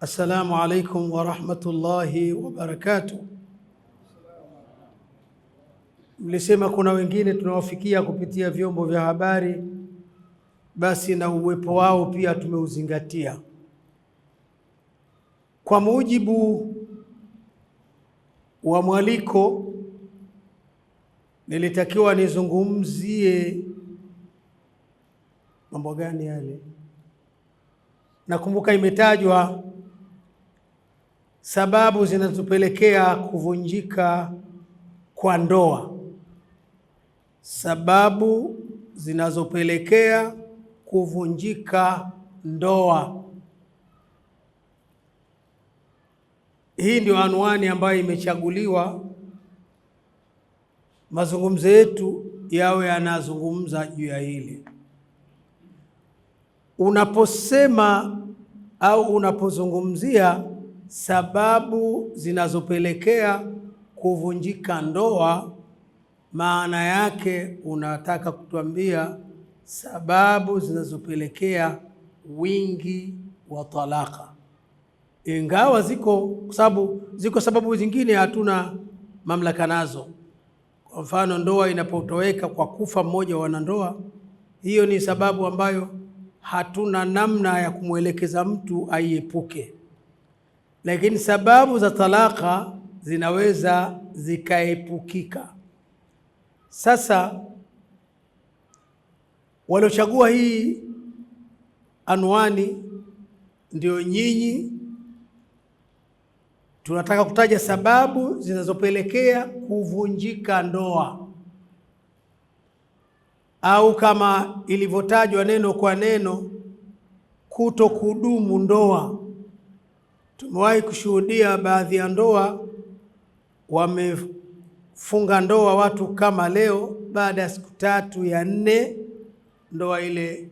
Assalamu alaikum warahmatullahi wabarakatuh. Mlisema kuna wengine tunawafikia kupitia vyombo vya habari, basi na uwepo wao pia tumeuzingatia kwa mujibu wa mwaliko. Nilitakiwa nizungumzie mambo gani yale? Nakumbuka imetajwa sababu zinazopelekea kuvunjika kwa ndoa, sababu zinazopelekea kuvunjika ndoa. Hii ndio anwani ambayo imechaguliwa mazungumzo yetu yawe yanazungumza juu ya hili. Unaposema au unapozungumzia sababu zinazopelekea kuvunjika ndoa, maana yake unataka kutuambia sababu zinazopelekea wingi wa talaka, ingawa ziko sababu ziko sababu zingine hatuna mamlaka nazo. Kwa mfano, ndoa inapotoweka kwa kufa mmoja wa wanandoa, hiyo ni sababu ambayo hatuna namna ya kumwelekeza mtu aiepuke lakini sababu za talaka zinaweza zikaepukika. Sasa waliochagua hii anwani ndio nyinyi. Tunataka kutaja sababu zinazopelekea kuvunjika ndoa, au kama ilivyotajwa neno kwa neno, kuto kudumu ndoa. Tumewahi kushuhudia baadhi ya ndoa wamefunga ndoa watu kama leo, baada ya siku tatu ya nne ndoa ile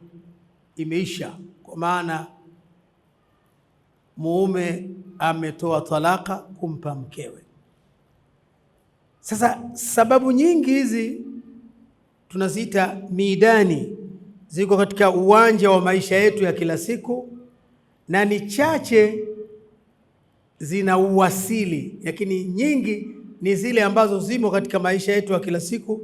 imeisha, kwa maana muume ametoa talaka kumpa mkewe. Sasa sababu nyingi hizi tunaziita midani, ziko katika uwanja wa maisha yetu ya kila siku na ni chache zina uwasili, lakini nyingi ni zile ambazo zimo katika maisha yetu ya kila siku.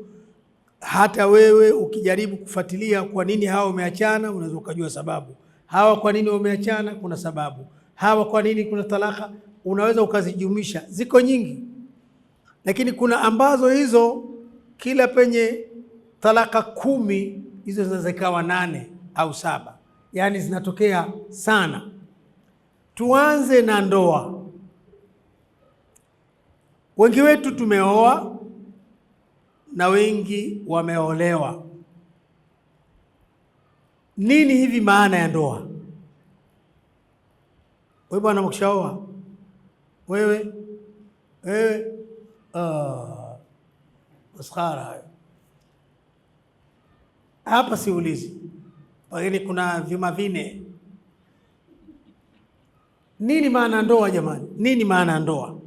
Hata wewe ukijaribu kufuatilia, kwa nini hawa wameachana, unaweza ukajua sababu. Hawa kwa nini wameachana, kuna sababu. Hawa kwa nini kuna talaka, unaweza ukazijumisha Ziko nyingi, lakini kuna ambazo hizo kila penye talaka kumi, hizo zinaweza ikawa nane au saba, yaani zinatokea sana. Tuanze na ndoa. Wengi wetu tumeoa na wengi wameolewa. Nini hivi maana ya ndoa? Wewe bwana, mkishaoa wewe wewe, uh, maskhara hayo hapa siulizi, lakini kuna vyuma vine. Nini maana ndoa jamani? Nini maana ndoa?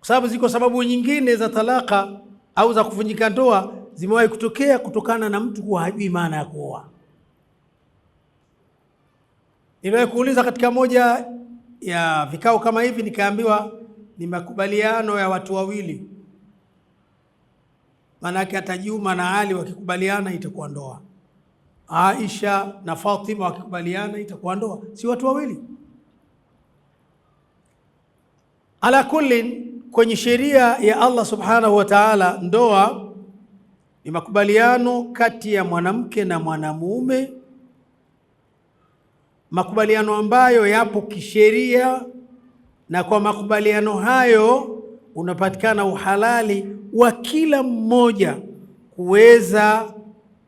kwa sababu ziko sababu nyingine za talaka au za kuvunjika ndoa zimewahi kutokea kutokana na mtu kuwa hajui maana ya kuoa. Niliwahi kuuliza katika moja ya vikao kama hivi, nikaambiwa ni makubaliano ya watu wawili, maanake hata Juma na Ali wakikubaliana itakuwa ndoa, Aisha na Fatima wakikubaliana itakuwa ndoa, si watu wawili? ala kullin kwenye sheria ya Allah subhanahu wa ta'ala, ndoa ni makubaliano kati ya mwanamke na mwanamume, makubaliano ambayo yapo kisheria, na kwa makubaliano hayo unapatikana uhalali wa kila mmoja kuweza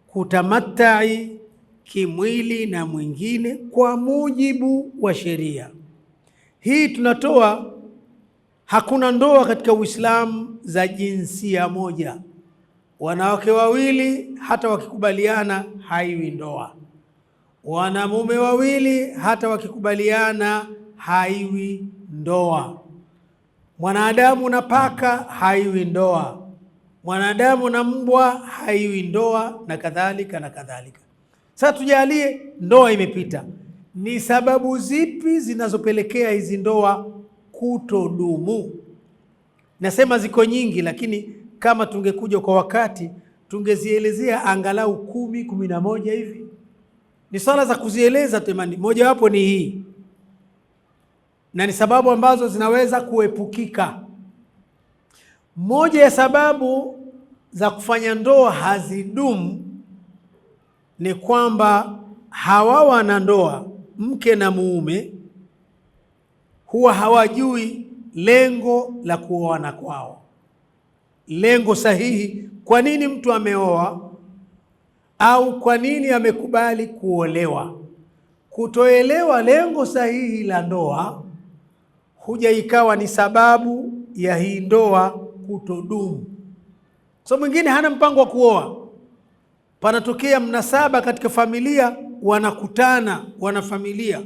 kutamatai kimwili na mwingine kwa mujibu wa sheria hii tunatoa Hakuna ndoa katika Uislamu za jinsia moja, wanawake wawili hata wakikubaliana haiwi ndoa, wanamume wawili hata wakikubaliana haiwi ndoa, mwanadamu na paka haiwi ndoa, mwanadamu na mbwa haiwi ndoa, na kadhalika na kadhalika. Sasa tujalie ndoa imepita, ni sababu zipi zinazopelekea hizi ndoa kutodumu. Nasema ziko nyingi, lakini kama tungekuja kwa wakati tungezielezea angalau kumi, kumi na moja hivi. Ni swala za kuzieleza temani, mojawapo ni hii, na ni sababu ambazo zinaweza kuepukika. Moja ya sababu za kufanya ndoa hazidumu ni kwamba hawa ndoa mke na muume huwa hawajui lengo la kuoana kwao, lengo sahihi. Kwa nini mtu ameoa au kwa nini amekubali kuolewa? Kutoelewa lengo sahihi la ndoa huja ikawa ni sababu ya hii ndoa kutodumu. So mwingine hana mpango wa kuoa, panatokea mnasaba katika familia, wanakutana wanafamilia,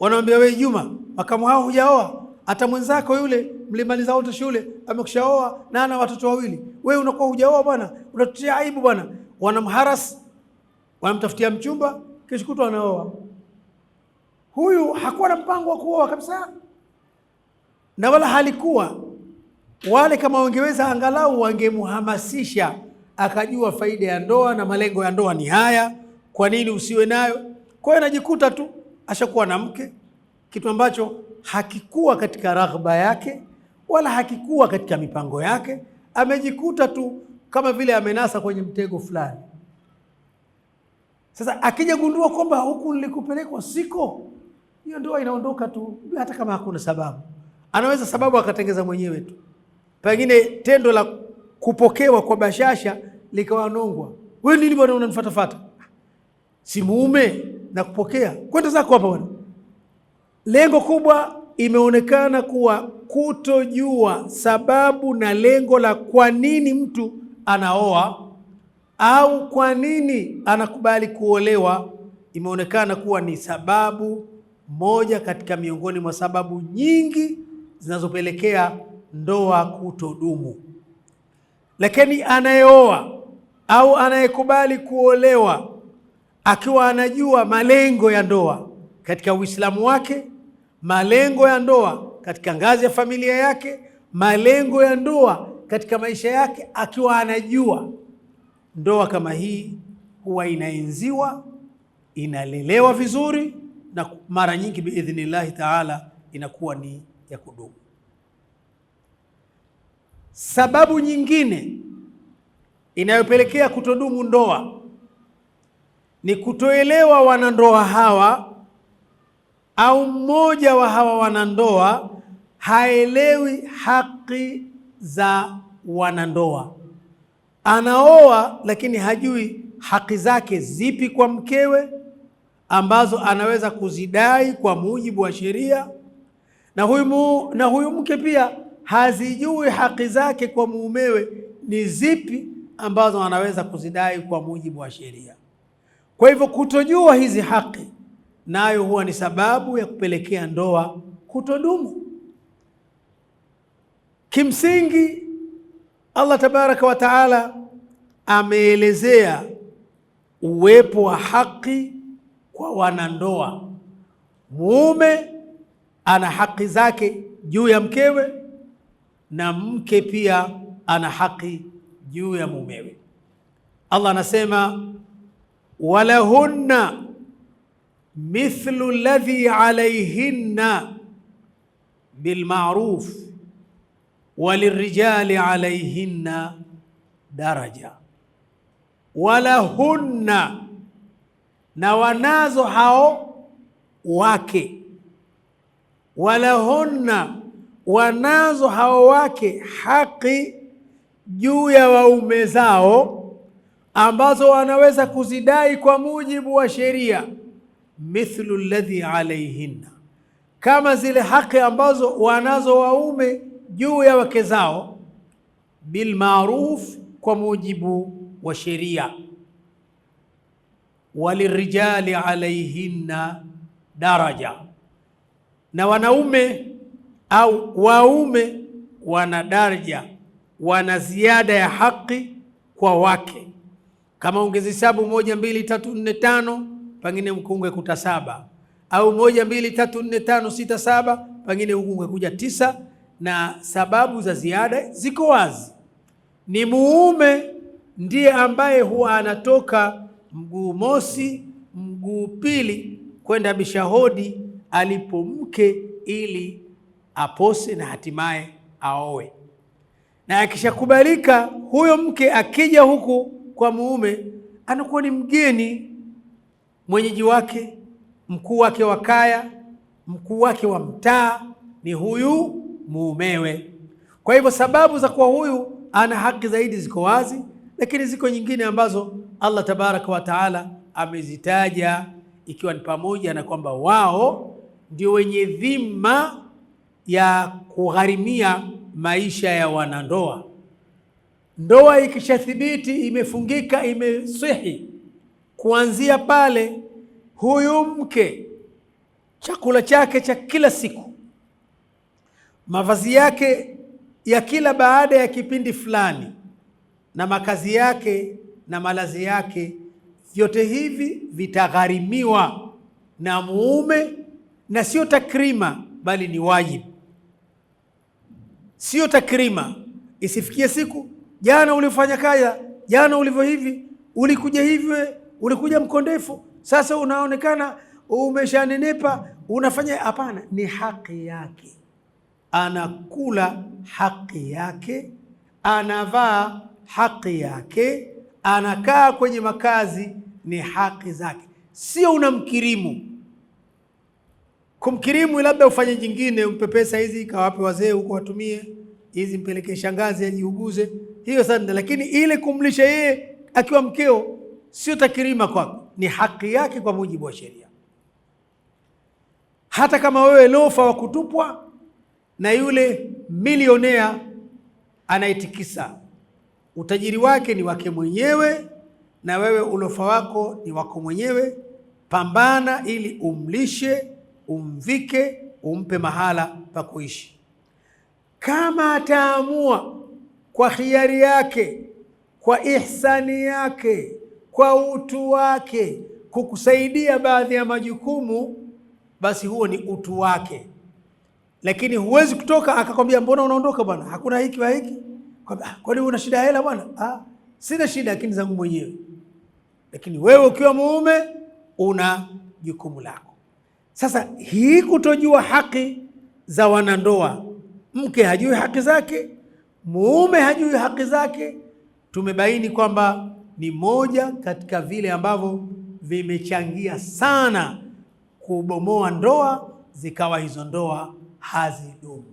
wanamwambia wewe Juma, makamu hao hujaoa, hata mwenzako yule mlimaliza wote shule amekushaoa na ana watoto wawili, wewe unakuwa hujaoa bwana, unatutia aibu bwana. Wanamharas, wanamtafutia mchumba, kesho kutwa anaoa. Huyu hakuwa na mpango wa kuoa kabisa, na wala halikuwa wale. Kama wangeweza angalau wangemhamasisha akajua faida ya ndoa na malengo ya ndoa ni haya, kwa nini usiwe nayo? Kwa hiyo anajikuta tu ashakuwa na mke kitu ambacho hakikuwa katika raghba yake wala hakikuwa katika mipango yake. Amejikuta tu kama vile amenasa kwenye mtego fulani. Sasa akijagundua kwamba huku nilikupelekwa siko, hiyo ndoa inaondoka tu, hata kama hakuna sababu. Anaweza sababu akatengeza mwenyewe tu, pengine tendo la kupokewa kwa bashasha likawanongwa, we nini bwana unanifatafata, si muume na kupokea, kwenda zako hapa bwana Lengo kubwa imeonekana kuwa kutojua sababu na lengo la kwa nini mtu anaoa au kwa nini anakubali kuolewa, imeonekana kuwa ni sababu moja katika miongoni mwa sababu nyingi zinazopelekea ndoa kutodumu. Lakini anayeoa au anayekubali kuolewa akiwa anajua malengo ya ndoa katika Uislamu wake, malengo ya ndoa katika ngazi ya familia yake, malengo ya ndoa katika maisha yake, akiwa anajua ndoa kama hii huwa inaenziwa, inalelewa vizuri, na mara nyingi biidhnillahi taala inakuwa ni ya kudumu. Sababu nyingine inayopelekea kutodumu ndoa ni kutoelewa wanandoa hawa au mmoja wa hawa wanandoa haelewi haki za wanandoa, anaoa lakini hajui haki zake zipi kwa mkewe ambazo anaweza kuzidai kwa mujibu wa sheria, na huyu, mu, na huyu mke pia hazijui haki zake kwa muumewe ni zipi ambazo anaweza kuzidai kwa mujibu wa sheria. Kwa hivyo kutojua hizi haki nayo huwa ni sababu ya kupelekea ndoa kutodumu. Kimsingi, Allah tabaraka wa taala ameelezea uwepo wa haki kwa wanandoa. Mume ana haki zake juu ya mkewe na mke pia ana haki juu ya mumewe. Allah anasema walahunna mithlu ladhi alayhinna bilmaruf walirijali alayhinna daraja walahunna, na wanazo hao wake, walahunna, wanazo hao wake haki juu ya waume zao ambazo wanaweza kuzidai kwa mujibu wa sheria mithlu ladhi alayhinna, kama zile haki ambazo wanazo waume juu ya wake zao, bilmaruf, kwa mujibu wa sheria, walirijali alayhinna daraja, na wanaume au waume wana daraja, wana ziada ya haki kwa wake, kama ungezihesabu moja, mbili, tatu, nne, tano pengine mkungwe kuta saba au moja mbili tatu nne tano sita saba, pengine mkungwe kuja tisa. Na sababu za ziada ziko wazi, ni muume ndiye ambaye huwa anatoka mguu mosi mguu pili kwenda bishahodi alipo mke ili apose na hatimaye aowe, na akishakubalika huyo mke akija huku kwa muume anakuwa ni mgeni mwenyeji wake, mkuu wake wa kaya, mkuu wake wa mtaa ni huyu mumewe. Kwa hivyo sababu za kuwa huyu ana haki zaidi ziko wazi, lakini ziko nyingine ambazo Allah tabaraka wa taala amezitaja, ikiwa ni pamoja na kwamba wao ndio wenye dhima ya kugharimia maisha ya wanandoa. Ndoa ikishathibiti imefungika, imesihi Kuanzia pale huyu mke chakula chake cha kila siku, mavazi yake ya kila baada ya kipindi fulani, na makazi yake na malazi yake, vyote hivi vitagharimiwa na muume, na sio takrima, bali ni wajibu, sio takrima. Isifikie siku jana ulifanya kaya, jana ulivyo hivi, ulikuja hivyo ulikuja mkondefu, sasa unaonekana umeshanenepa, unafanya hapana. Ni haki yake, anakula haki yake, anavaa haki yake, anakaa kwenye makazi ni haki zake, sio unamkirimu. Kumkirimu labda ufanye jingine, umpepesa pesa hizi, kawape wazee huko watumie, hizi mpelekee shangazi ajiuguze, hiyo sana. Lakini ile kumlisha yeye akiwa mkeo sio takrima kwako, ni haki yake kwa mujibu wa sheria. Hata kama wewe lofa wa kutupwa na yule milionea anaitikisa, utajiri wake ni wake mwenyewe, na wewe ulofa wako ni wako mwenyewe. Pambana ili umlishe, umvike, umpe mahala pa kuishi. Kama ataamua kwa khiari yake, kwa ihsani yake kwa utu wake kukusaidia baadhi ya majukumu, basi huo ni utu wake. Lakini huwezi kutoka akakwambia mbona unaondoka bwana, hakuna hiki wa hiki, ah, kwani una shida ya hela bwana? Ah, sina shida, lakini zangu mwenyewe. Lakini wewe ukiwa muume una jukumu lako. Sasa hii kutojua haki za wanandoa, mke hajui haki zake, muume hajui haki zake, tumebaini kwamba ni moja katika vile ambavyo vimechangia sana kubomoa ndoa zikawa hizo ndoa hazidumu.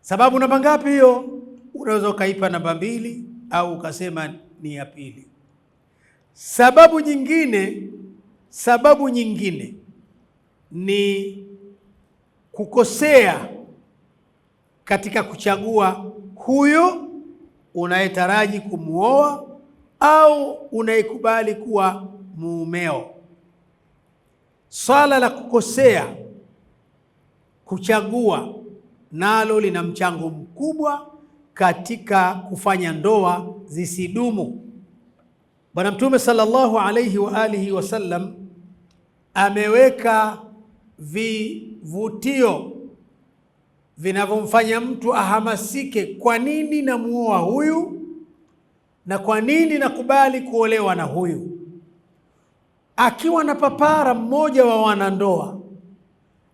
Sababu namba ngapi hiyo? Unaweza ukaipa namba mbili au ukasema ni ya pili. Sababu nyingine, sababu nyingine ni kukosea katika kuchagua huyo unayetaraji kumuoa au unayekubali kuwa muumeo. Swala la kukosea, kuchagua, nalo lina mchango mkubwa katika kufanya ndoa zisidumu. Bwana Mtume sallallahu alaihi wa alihi wasallam ameweka vivutio vinavyomfanya mtu ahamasike, kwa nini namuoa huyu na kwa nini nakubali kuolewa na huyu. Akiwa na papara mmoja wa wanandoa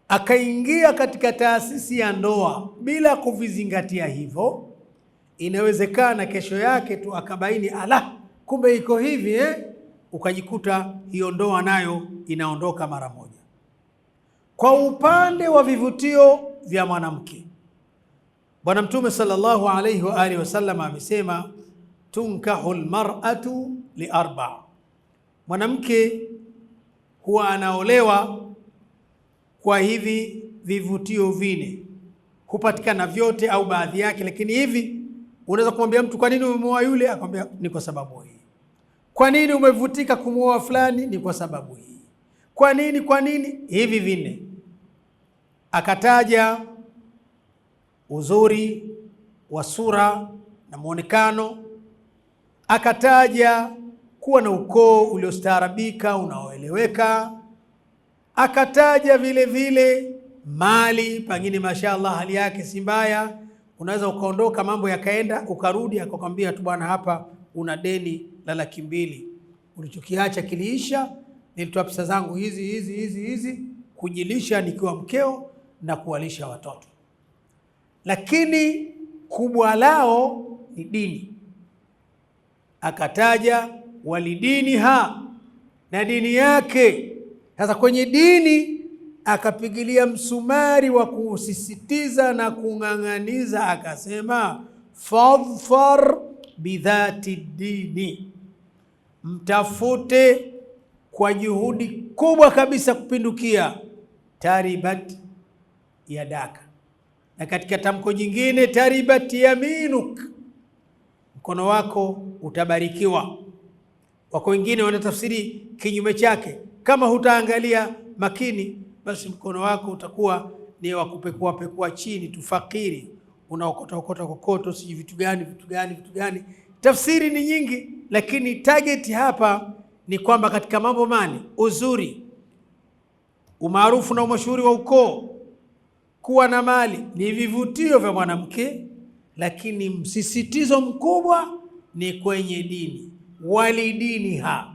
akaingia katika taasisi ya ndoa bila kuvizingatia hivyo, inawezekana kesho yake tu akabaini ala, kumbe iko hivi eh? Ukajikuta hiyo ndoa nayo inaondoka mara moja. Kwa upande wa vivutio vya mwanamke. Bwana Mtume sallallahu alayhi wa alihi wasallam amesema, tunkahu lmaratu liarba, mwanamke huwa anaolewa kwa hivi vivutio vine, hupatikana vyote au baadhi yake. Lakini hivi unaweza kumwambia mtu, kwa nini umemwoa yule? Akwambia ni kwa sababu hii. Kwa nini umevutika kumwoa fulani? Ni kwa sababu hii. Kwa nini? Kwa nini? Hivi vinne akataja uzuri wa sura na muonekano, akataja kuwa na ukoo uliostaarabika unaoeleweka, akataja vile vile mali, pengine mashaallah, hali yake si mbaya, unaweza ukaondoka, mambo yakaenda, ukarudi, akakwambia tu bwana, hapa una deni la laki mbili, ulichokiacha kiliisha, nilitoa pesa zangu hizi hizi hizi hizi kujilisha nikiwa mkeo na kuwalisha watoto, lakini kubwa lao ni dini. Akataja walidini ha na dini yake. Sasa kwenye dini akapigilia msumari wa kusisitiza na kung'ang'aniza, akasema fadhfar bidhati dini, mtafute kwa juhudi kubwa kabisa kupindukia taribat ya daka. Na katika tamko jingine, taribat yaminuk, mkono wako utabarikiwa. Wako wengine wanatafsiri kinyume chake, kama hutaangalia makini, basi mkono wako utakuwa ni wa kupekua pekua chini tu, fakiri, unaokota okota kokoto, sijui vitu gani vitu gani vitu gani. Tafsiri ni nyingi, lakini target hapa ni kwamba katika mambo mani, uzuri, umaarufu na umashuhuri wa ukoo kuwa na mali ni vivutio vya mwanamke, lakini msisitizo mkubwa ni kwenye dini, wali dini ha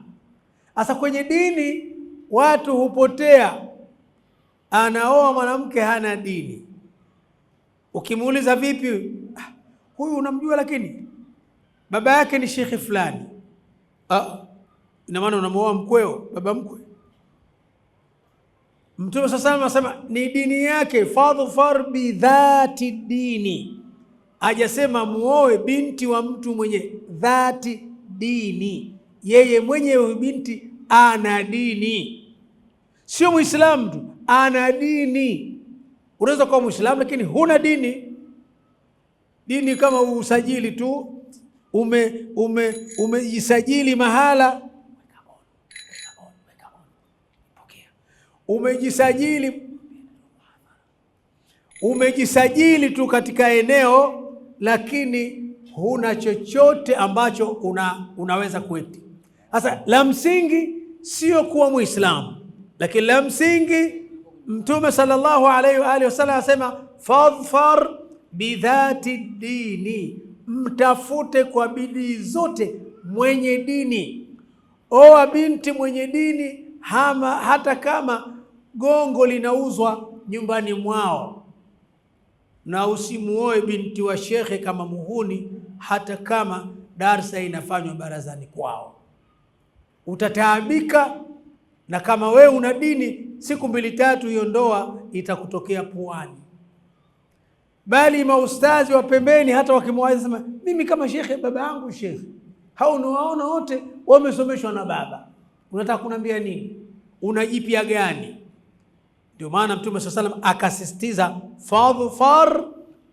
hasa kwenye dini watu hupotea, anaoa mwanamke hana dini. Ukimuuliza vipi, ah, huyu unamjua, lakini baba yake ni shekhi fulani. Ah, ina maana unamuoa mkweo, baba mkwe Mtume sasa anasema ni dini yake, fadhfar bidhati dini, hajasema muoe binti wa mtu mwenye dhati dini. Yeye mwenyewe binti ana dini, sio muislamu tu, ana dini. Unaweza kuwa muislamu lakini huna dini. Dini kama usajili tu, umejisajili ume, ume mahala Umejisajili, umejisajili tu katika eneo, lakini huna chochote ambacho una, unaweza kueti Sasa la msingi sio kuwa Muislamu, lakini la msingi Mtume sallallahu alaihi wa alihi wasallam anasema fadhfar bidhati dini, mtafute kwa bidii zote mwenye dini. Oa binti mwenye dini hama, hata kama gongo linauzwa nyumbani mwao, na usimuoe binti wa shekhe kama muhuni, hata kama darsa inafanywa barazani kwao, utataabika. Na kama we una dini, siku mbili tatu, hiyo ndoa itakutokea puani. Bali maustazi wa pembeni, hata wakimwaza sema, mimi kama shekhe, baba yangu shekhe, hao unawaona wote wamesomeshwa na baba unataka kunambia nini? Una jipya gani? Ndio maana Mtume saa salam akasisitiza fadhfar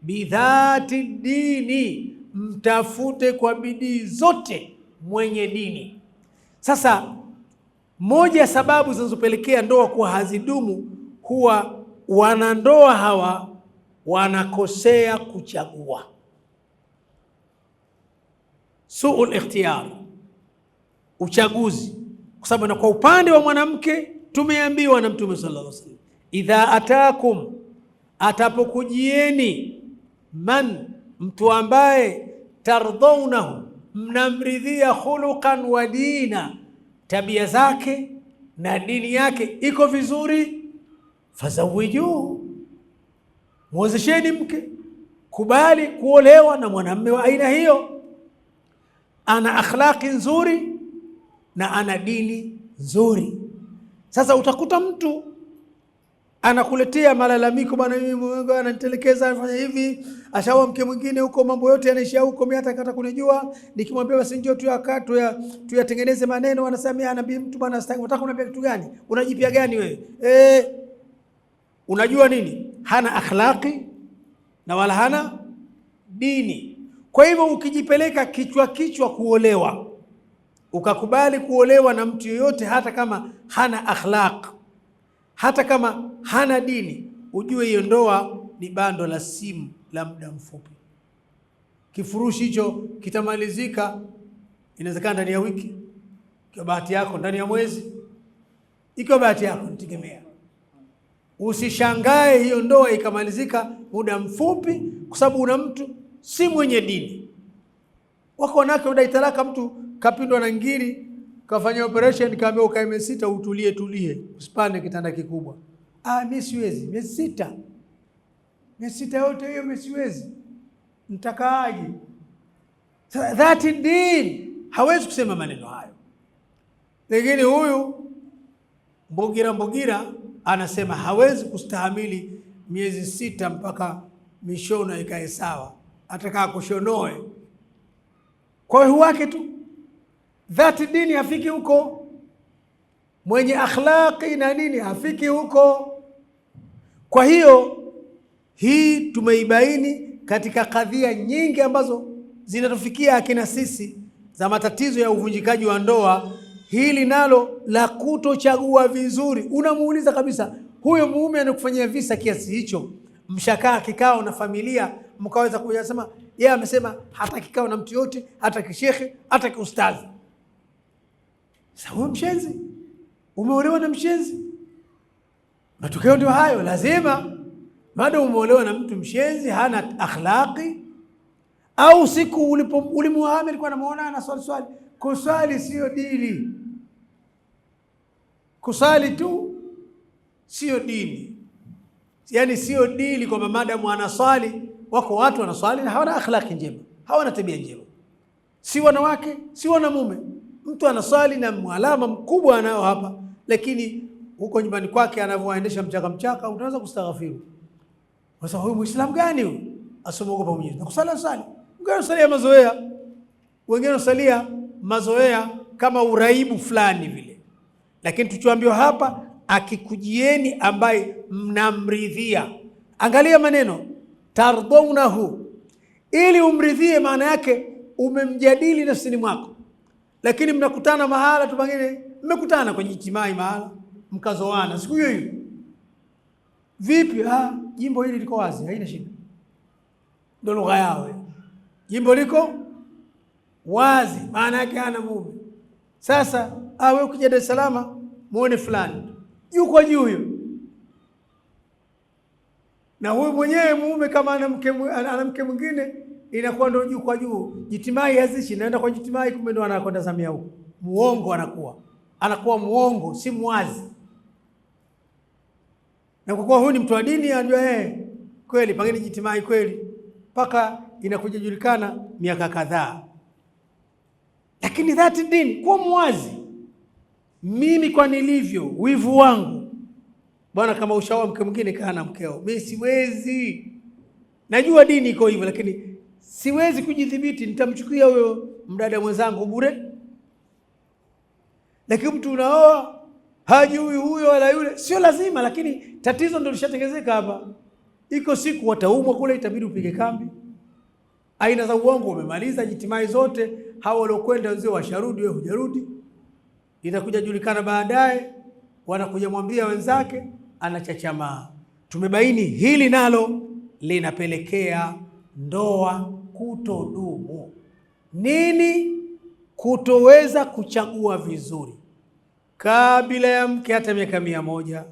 bidhati dini, mtafute kwa bidii zote mwenye dini. Sasa moja ya sababu zinazopelekea ndoa kuwa hazidumu huwa wanandoa hawa wanakosea kuchagua, suul ikhtiyar, uchaguzi kwa sababu na kwa upande wa mwanamke tumeambiwa na Mtume sallallahu alaihi wasallam, idha atakum, atapokujieni, man, mtu ambaye tardhaunahu, mnamridhia, khuluqan wa dina, tabia zake na dini yake iko vizuri, fazawijuu, mwozesheni mke, kubali kuolewa na mwanamme wa aina hiyo, ana akhlaqi nzuri na ana dini nzuri. Sasa utakuta mtu anakuletea malalamiko, bwana, mimi mume wangu ananitelekeza, anafanya hivi, ashaoa mke mwingine huko, mambo yote yanaishia huko, mimi hata kata kunijua, nikimwambia basi njoo tuyatengeneze maneno, anasema mimi anaambia mtu bwana, sitaki. Unataka kuniambia kitu gani? Unajipia gani wewe? Eh, unajua nini? Hana akhlaqi na wala hana dini. Kwa hivyo ukijipeleka kichwa kichwa kuolewa ukakubali kuolewa na mtu yoyote, hata kama hana akhlaq, hata kama hana dini, ujue hiyo ndoa ni bando la simu la muda mfupi. Kifurushi hicho kitamalizika, inawezekana ndani ya wiki, ikiwa bahati yako, ndani ya mwezi, ikiwa bahati yako, nitegemea. Usishangae hiyo ndoa ikamalizika muda mfupi, kwa sababu una mtu si mwenye dini. Wako wanawake wadai talaka mtu kapindwa na ngiri, kafanya operation, ukae miezi sita utulie tulie, usipande kitanda kikubwa. Ah, mimi siwezi miezi sita, miezi sita yote hiyo mimi siwezi, nitakaaje? That indeed hawezi kusema maneno hayo, lakini huyu Mbugira Mbugira anasema hawezi kustahamili miezi sita mpaka mishono ikae sawa, atakaa kushonoe kwa wake tu dhati dini hafiki huko, mwenye akhlaqi na nini hafiki huko. Kwa hiyo hii tumeibaini katika kadhia nyingi ambazo zinatufikia akina sisi za matatizo ya uvunjikaji wa ndoa. Hili nalo la kutochagua vizuri, unamuuliza kabisa huyo muume anakufanyia visa kiasi hicho, mshakaa kikao na familia mkaweza sema yeye amesema hata kikao na mtu yote, hata kishekhe, hata kiustadhi Sawa, mshenzi umeolewa na mshenzi, matokeo ndio hayo. Lazima mada umeolewa na mtu mshenzi, hana akhlaqi, au siku ulimuhamia alikuwa namuona na swali swali. Kuswali siyo dini, kuswali tu siyo dini, yaani siyo dini kwamba madamu anaswali. Wako watu wanaswali na hawana akhlaqi njema, hawana tabia njema, si wanawake si wanamume mtu anaswali na mwalama mkubwa anayo hapa, lakini huko nyumbani kwake anavyoendesha mchaka mchaka, utaanza kustaghfiru. Sasa huyu muislamu gani huyu? Asomogopa Mwenyezi na kusali sali. Wengine wanasalia mazoea, wengine wanasalia mazoea kama uraibu fulani vile, lakini tuchoambiwa hapa, akikujieni ambaye mnamridhia. Angalia maneno tardaunahu, ili umridhie, maana yake umemjadili nafsini mwako lakini mnakutana mahala tu pengine mmekutana kwenye itimai mahala mkazoana siku hiyo hiyo. Vipi? Ah, jimbo hili liko wazi, haina shida. Ndio lugha yao, jimbo liko wazi, maana yake hana mume. Sasa ah, wewe ukija Dar es Salaam muone fulani yuko juu huyo, na huyu mwenyewe mume kama ana mke mwingine inakuwa ndio juu kwa juu, jitimai hazishi, naenda kwa jitimai, kumbe ndio anakwenda Samia huko. Muongo anakuwa anakuwa muongo, si mwazi. Na kwa kuwa huyu ni mtu wa dini, anajua yeye eh, kweli, pengine jitimai kweli, mpaka inakuja julikana miaka kadhaa, lakini dhati dini, kuwa mwazi. Mimi kwa nilivyo, wivu wangu bwana, kama ushaoa mke mwingine, kaa na mkeo, mimi siwezi. Najua dini iko hivyo, lakini siwezi kujidhibiti, nitamchukia huyo mdada mwenzangu bure. Lakini mtu unaoa hajui huyo wala yule, sio lazima, lakini tatizo ndio lishatengezeka hapa. Iko siku wataumwa kule, itabidi upige kambi. Aina za uongo umemaliza, jitimai zote. Hawa waliokwenda wenzio washarudi, wewe hujarudi. Itakuja julikana baadaye, wanakuja mwambia wenzake, anachachamaa. Tumebaini hili nalo linapelekea ndoa kutodumu. Nini? Kutoweza kuchagua vizuri. kabila ya mke hata miaka mia moja,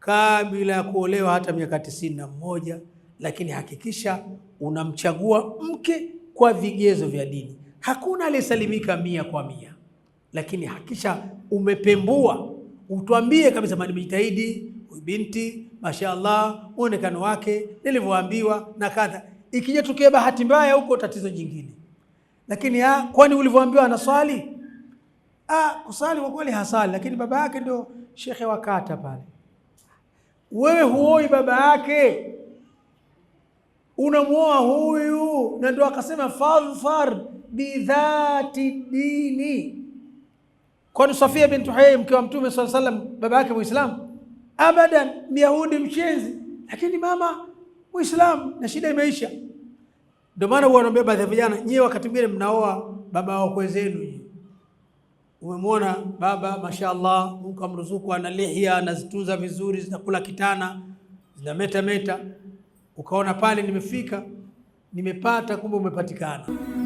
kabila ya kuolewa hata miaka tisini na mmoja, lakini hakikisha unamchagua mke kwa vigezo vya dini. Hakuna aliyesalimika mia kwa mia, lakini hakikisha umepembua, utwambie kabisa, manimejitahidi huyu binti, mashaallah, mwonekano wake nilivyoambiwa na kadha tukia bahati mbaya huko tatizo jingine. Lakini ah, kwani ulivyoambiwa anaswali? Ah, kusali kwa kweli hasali, lakini baba yake ndio shekhe wa kata pale. Wewe huoi baba yake, unamwoa huyu, na ndo akasema fadhfar bidhati dini. Kwani Safia bintu Huyai mke wa Mtume sala sallam baba yake Muislamu? Abadan, Myahudi mshenzi, lakini mama Muislamu na shida imeisha. Ndio maana huwa anambia baadhi ya vijana, nyewe wakati mwingine mnaoa baba wakwe zenu. Umemwona baba, mashaallah, ukamruzuku ana lihya, anazitunza vizuri, zinakula kitana, zinametameta, ukaona pale nimefika, nimepata, kumbe umepatikana.